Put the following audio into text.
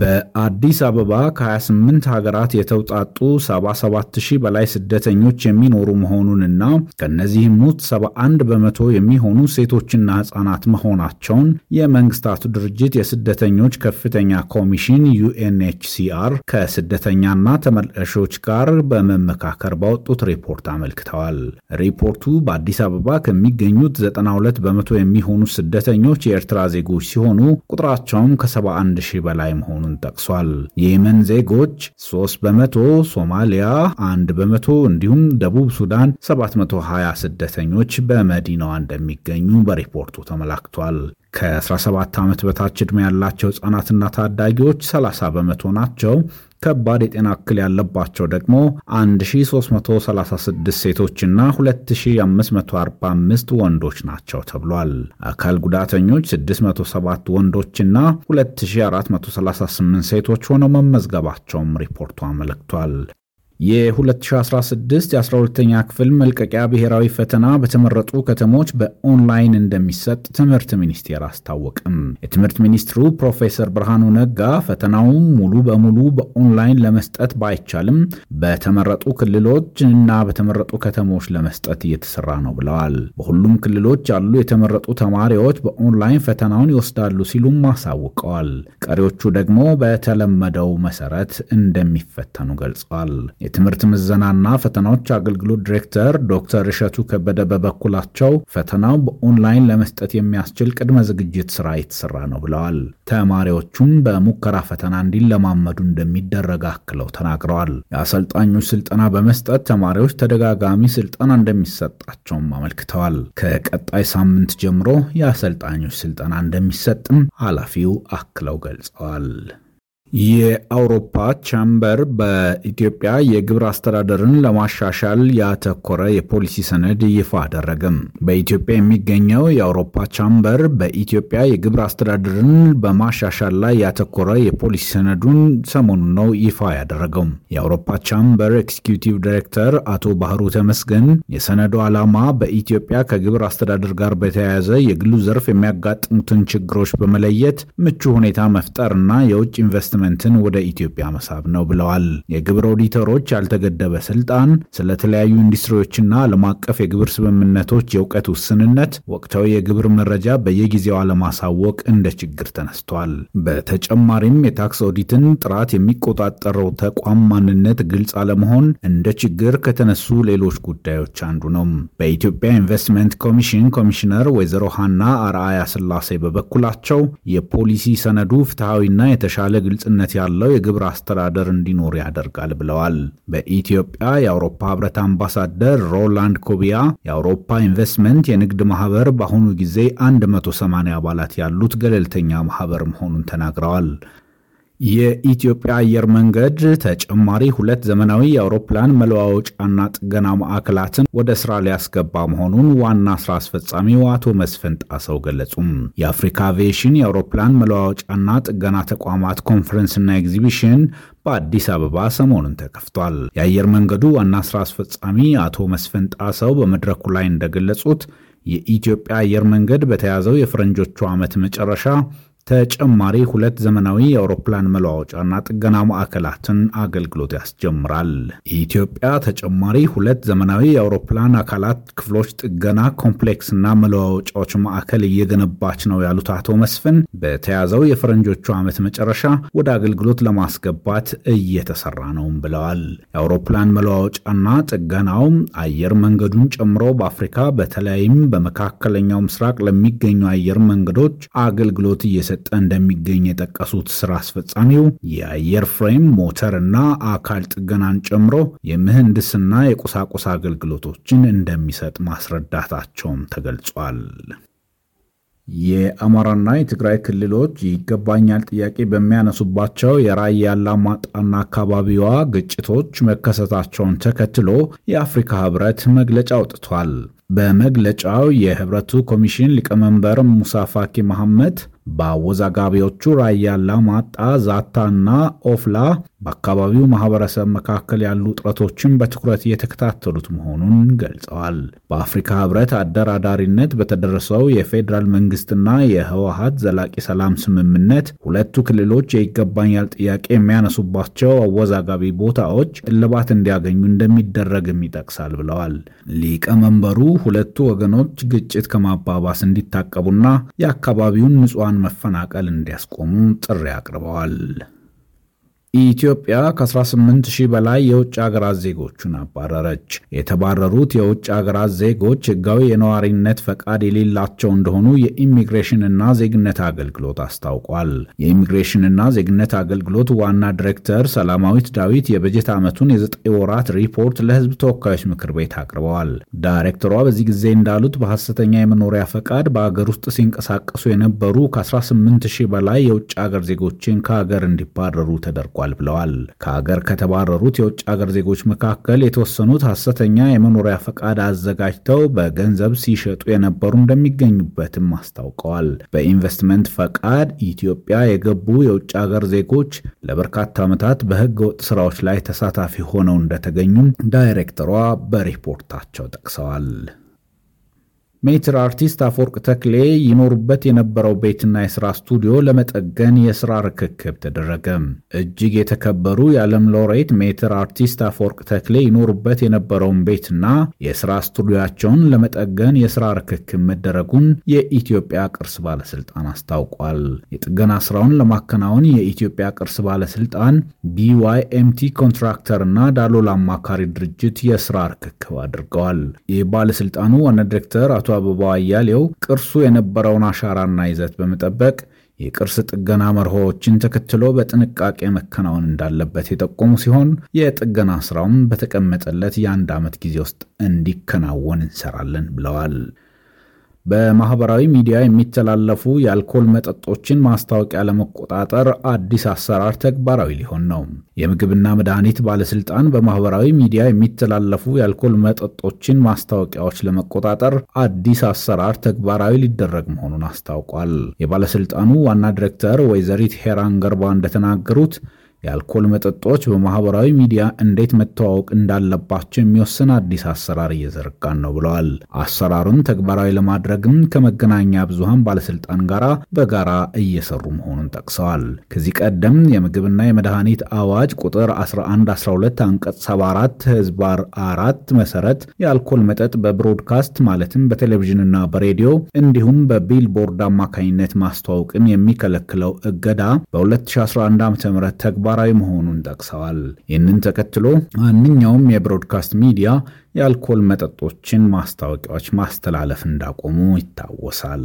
በአዲስ አበባ ከ28 ሀገራት የተውጣጡ 77000 በላይ ስደተኞች የሚኖሩ መሆኑንና ከእነዚህም ውስጥ 71 በመቶ የሚሆኑ ሴቶችና ህጻናት መሆናቸውን የመንግስታቱ ድርጅት የስደተኞች ከፍተኛ ኮሚሽን ዩኤንኤችሲአር ከስደተኛና ተመላሾች ጋር በመመካከር ባወጡት ሪፖርት አመልክተዋል። ሪፖርቱ በአዲስ አበባ ከሚገኙት 92 በመቶ የሚሆኑ ስደተኞች የኤርትራ ዜጎች ሲሆኑ ቁጥራቸውም ከ71 በላይ መሆኑ መሆኑን ጠቅሷል። የየመን ዜጎች 3 በመቶ፣ ሶማሊያ 1 በመቶ እንዲሁም ደቡብ ሱዳን 720 ስደተኞች በመዲናዋ እንደሚገኙ በሪፖርቱ ተመላክቷል። ከ17 ዓመት በታች ዕድሜ ያላቸው ሕፃናትና ታዳጊዎች 30 በመቶ ናቸው። ከባድ የጤና እክል ያለባቸው ደግሞ 1336 ሴቶችና 2545 ወንዶች ናቸው ተብሏል። አካል ጉዳተኞች 607 ወንዶችና 2438 ሴቶች ሆነው መመዝገባቸውም ሪፖርቱ አመልክቷል። የ2016 የ12ኛ ክፍል መልቀቂያ ብሔራዊ ፈተና በተመረጡ ከተሞች በኦንላይን እንደሚሰጥ ትምህርት ሚኒስቴር አስታወቅም። የትምህርት ሚኒስትሩ ፕሮፌሰር ብርሃኑ ነጋ ፈተናውን ሙሉ በሙሉ በኦንላይን ለመስጠት ባይቻልም በተመረጡ ክልሎች እና በተመረጡ ከተሞች ለመስጠት እየተሰራ ነው ብለዋል። በሁሉም ክልሎች ያሉ የተመረጡ ተማሪዎች በኦንላይን ፈተናውን ይወስዳሉ ሲሉም አሳውቀዋል። ቀሪዎቹ ደግሞ በተለመደው መሰረት እንደሚፈተኑ ገልጸዋል። የትምህርት ምዘናና ፈተናዎች አገልግሎት ዲሬክተር ዶክተር እሸቱ ከበደ በበኩላቸው ፈተናው በኦንላይን ለመስጠት የሚያስችል ቅድመ ዝግጅት ስራ የተሰራ ነው ብለዋል። ተማሪዎቹም በሙከራ ፈተና እንዲለማመዱ እንደሚደረግ አክለው ተናግረዋል። የአሰልጣኞች ስልጠና በመስጠት ተማሪዎች ተደጋጋሚ ስልጠና እንደሚሰጣቸውም አመልክተዋል። ከቀጣይ ሳምንት ጀምሮ የአሰልጣኞች ስልጠና እንደሚሰጥም ኃላፊው አክለው ገልጸዋል። የአውሮፓ ቻምበር በኢትዮጵያ የግብር አስተዳደርን ለማሻሻል ያተኮረ የፖሊሲ ሰነድ ይፋ አደረግም። በኢትዮጵያ የሚገኘው የአውሮፓ ቻምበር በኢትዮጵያ የግብር አስተዳደርን በማሻሻል ላይ ያተኮረ የፖሊሲ ሰነዱን ሰሞኑን ነው ይፋ ያደረገው። የአውሮፓ ቻምበር ኤክስኪዩቲቭ ዳይሬክተር አቶ ባህሩ ተመስገን የሰነዱ ዓላማ በኢትዮጵያ ከግብር አስተዳደር ጋር በተያያዘ የግሉ ዘርፍ የሚያጋጥሙትን ችግሮች በመለየት ምቹ ሁኔታ መፍጠርና የውጭ ኢንቨስትመንት ኢንቨስትመንትን ወደ ኢትዮጵያ መሳብ ነው ብለዋል። የግብር ኦዲተሮች ያልተገደበ ስልጣን፣ ስለተለያዩ ኢንዱስትሪዎችና ዓለም አቀፍ የግብር ስምምነቶች የእውቀት ውስንነት፣ ወቅታዊ የግብር መረጃ በየጊዜው አለማሳወቅ እንደ ችግር ተነስቷል። በተጨማሪም የታክስ ኦዲትን ጥራት የሚቆጣጠረው ተቋም ማንነት ግልጽ አለመሆን እንደ ችግር ከተነሱ ሌሎች ጉዳዮች አንዱ ነው። በኢትዮጵያ ኢንቨስትመንት ኮሚሽን ኮሚሽነር ወይዘሮ ሀና አርአያ ስላሴ በበኩላቸው የፖሊሲ ሰነዱ ፍትሐዊና የተሻለ ግልጽ ግልጽነት ያለው የግብር አስተዳደር እንዲኖር ያደርጋል ብለዋል። በኢትዮጵያ የአውሮፓ ህብረት አምባሳደር ሮላንድ ኮቢያ የአውሮፓ ኢንቨስትመንት የንግድ ማህበር በአሁኑ ጊዜ 180 አባላት ያሉት ገለልተኛ ማህበር መሆኑን ተናግረዋል። የኢትዮጵያ አየር መንገድ ተጨማሪ ሁለት ዘመናዊ የአውሮፕላን መለዋወጫና ጥገና ማዕከላትን ወደ ስራ ሊያስገባ መሆኑን ዋና ስራ አስፈጻሚው አቶ መስፍን ጣሰው ገለጹም። የአፍሪካ አቪዬሽን የአውሮፕላን መለዋወጫና ጥገና ተቋማት ኮንፈረንስና ኤግዚቢሽን በአዲስ አበባ ሰሞኑን ተከፍቷል። የአየር መንገዱ ዋና ስራ አስፈጻሚ አቶ መስፍን ጣሰው በመድረኩ ላይ እንደገለጹት የኢትዮጵያ አየር መንገድ በተያዘው የፈረንጆቹ ዓመት መጨረሻ ተጨማሪ ሁለት ዘመናዊ የአውሮፕላን መለዋወጫና ጥገና ማዕከላትን አገልግሎት ያስጀምራል። ኢትዮጵያ ተጨማሪ ሁለት ዘመናዊ የአውሮፕላን አካላት ክፍሎች ጥገና ኮምፕሌክስና መለዋወጫዎች ማዕከል እየገነባች ነው ያሉት አቶ መስፍን በተያዘው የፈረንጆቹ ዓመት መጨረሻ ወደ አገልግሎት ለማስገባት እየተሰራ ነውም ብለዋል። የአውሮፕላን መለዋወጫና ጥገናውም አየር መንገዱን ጨምሮ በአፍሪካ በተለይም በመካከለኛው ምስራቅ ለሚገኙ አየር መንገዶች አገልግሎት እየሰ እየተሰጠ እንደሚገኝ የጠቀሱት ስራ አስፈጻሚው የአየር ፍሬም ሞተር ና አካል ጥገናን ጨምሮ የምህንድስና የቁሳቁስ አገልግሎቶችን እንደሚሰጥ ማስረዳታቸውም ተገልጿል። የአማራና የትግራይ ክልሎች ይገባኛል ጥያቄ በሚያነሱባቸው የራያ አላማጣና አካባቢዋ ግጭቶች መከሰታቸውን ተከትሎ የአፍሪካ ህብረት መግለጫ አውጥቷል። በመግለጫው የህብረቱ ኮሚሽን ሊቀመንበር ሙሳ ፋኪ መሐመድ በአወዛጋቢዎቹ ራያ ላማጣ፣ ዛታና ኦፍላ በአካባቢው ማህበረሰብ መካከል ያሉ ጥረቶችን በትኩረት እየተከታተሉት መሆኑን ገልጸዋል። በአፍሪካ ህብረት አደራዳሪነት በተደረሰው የፌዴራል መንግስትና የህወሀት ዘላቂ ሰላም ስምምነት ሁለቱ ክልሎች የይገባኛል ጥያቄ የሚያነሱባቸው አወዛጋቢ ቦታዎች እልባት እንዲያገኙ እንደሚደረግም ይጠቅሳል ብለዋል። ሊቀመንበሩ ሁለቱ ወገኖች ግጭት ከማባባስ እንዲታቀቡና የአካባቢውን ንጹሐን መፈናቀል እንዲያስቆሙ ጥሪ አቅርበዋል። ኢትዮጵያ ከ18 ሺህ በላይ የውጭ ሀገራት ዜጎቹን አባረረች። የተባረሩት የውጭ ሀገራት ዜጎች ሕጋዊ የነዋሪነት ፈቃድ የሌላቸው እንደሆኑ የኢሚግሬሽንና ዜግነት አገልግሎት አስታውቋል። የኢሚግሬሽንና ዜግነት አገልግሎት ዋና ዲሬክተር ሰላማዊት ዳዊት የበጀት ዓመቱን የዘጠኝ ወራት ሪፖርት ለሕዝብ ተወካዮች ምክር ቤት አቅርበዋል። ዳይሬክተሯ በዚህ ጊዜ እንዳሉት በሐሰተኛ የመኖሪያ ፈቃድ በአገር ውስጥ ሲንቀሳቀሱ የነበሩ ከ18 ሺህ በላይ የውጭ ሀገር ዜጎችን ከሀገር እንዲባረሩ ተደርጓል። ተደርጓል ብለዋል። ከሀገር ከተባረሩት የውጭ ሀገር ዜጎች መካከል የተወሰኑት ሐሰተኛ የመኖሪያ ፈቃድ አዘጋጅተው በገንዘብ ሲሸጡ የነበሩ እንደሚገኙበትም አስታውቀዋል። በኢንቨስትመንት ፈቃድ ኢትዮጵያ የገቡ የውጭ ሀገር ዜጎች ለበርካታ ዓመታት በህገ ወጥ ስራዎች ላይ ተሳታፊ ሆነው እንደተገኙም ዳይሬክተሯ በሪፖርታቸው ጠቅሰዋል። ሜትር አርቲስት አፈወርቅ ተክሌ ይኖሩበት የነበረው ቤትና የሥራ ስቱዲዮ ለመጠገን የሥራ ርክክብ ተደረገ። እጅግ የተከበሩ የዓለም ሎሬት ሜትር አርቲስት አፈወርቅ ተክሌ ይኖሩበት የነበረውን ቤትና የሥራ ስቱዲያቸውን ለመጠገን የሥራ ርክክብ መደረጉን የኢትዮጵያ ቅርስ ባለሥልጣን አስታውቋል። የጥገና ሥራውን ለማከናወን የኢትዮጵያ ቅርስ ባለሥልጣን ቢዋይኤምቲ ኮንትራክተርና ዳሎል አማካሪ ድርጅት የሥራ ርክክብ አድርገዋል። የባለሥልጣኑ ዋና ዲሬክተር አቶ አበባው አያሌው ቅርሱ የነበረውን አሻራና ይዘት በመጠበቅ የቅርስ ጥገና መርሆዎችን ተከትሎ በጥንቃቄ መከናወን እንዳለበት የጠቆሙ ሲሆን የጥገና ስራውም በተቀመጠለት የአንድ ዓመት ጊዜ ውስጥ እንዲከናወን እንሰራለን ብለዋል። በማህበራዊ ሚዲያ የሚተላለፉ የአልኮል መጠጦችን ማስታወቂያ ለመቆጣጠር አዲስ አሰራር ተግባራዊ ሊሆን ነው። የምግብና መድኃኒት ባለስልጣን በማህበራዊ ሚዲያ የሚተላለፉ የአልኮል መጠጦችን ማስታወቂያዎች ለመቆጣጠር አዲስ አሰራር ተግባራዊ ሊደረግ መሆኑን አስታውቋል። የባለስልጣኑ ዋና ዲሬክተር ወይዘሪት ሄራን ገርባ እንደተናገሩት የአልኮል መጠጦች በማህበራዊ ሚዲያ እንዴት መተዋወቅ እንዳለባቸው የሚወስን አዲስ አሰራር እየዘረጋን ነው ብለዋል። አሰራሩን ተግባራዊ ለማድረግም ከመገናኛ ብዙሃን ባለስልጣን ጋር በጋራ እየሰሩ መሆኑን ጠቅሰዋል። ከዚህ ቀደም የምግብና የመድኃኒት አዋጅ ቁጥር 1112 አንቀጽ 74 ህዝባር አራት መሰረት የአልኮል መጠጥ በብሮድካስት ማለትም በቴሌቪዥንና በሬዲዮ እንዲሁም በቢልቦርድ አማካኝነት ማስተዋወቅን የሚከለክለው እገዳ በ2011 ዓ ም ተግባር ተግባራዊ መሆኑን ጠቅሰዋል። ይህንን ተከትሎ ማንኛውም የብሮድካስት ሚዲያ የአልኮል መጠጦችን ማስታወቂያዎች ማስተላለፍ እንዳቆሙ ይታወሳል።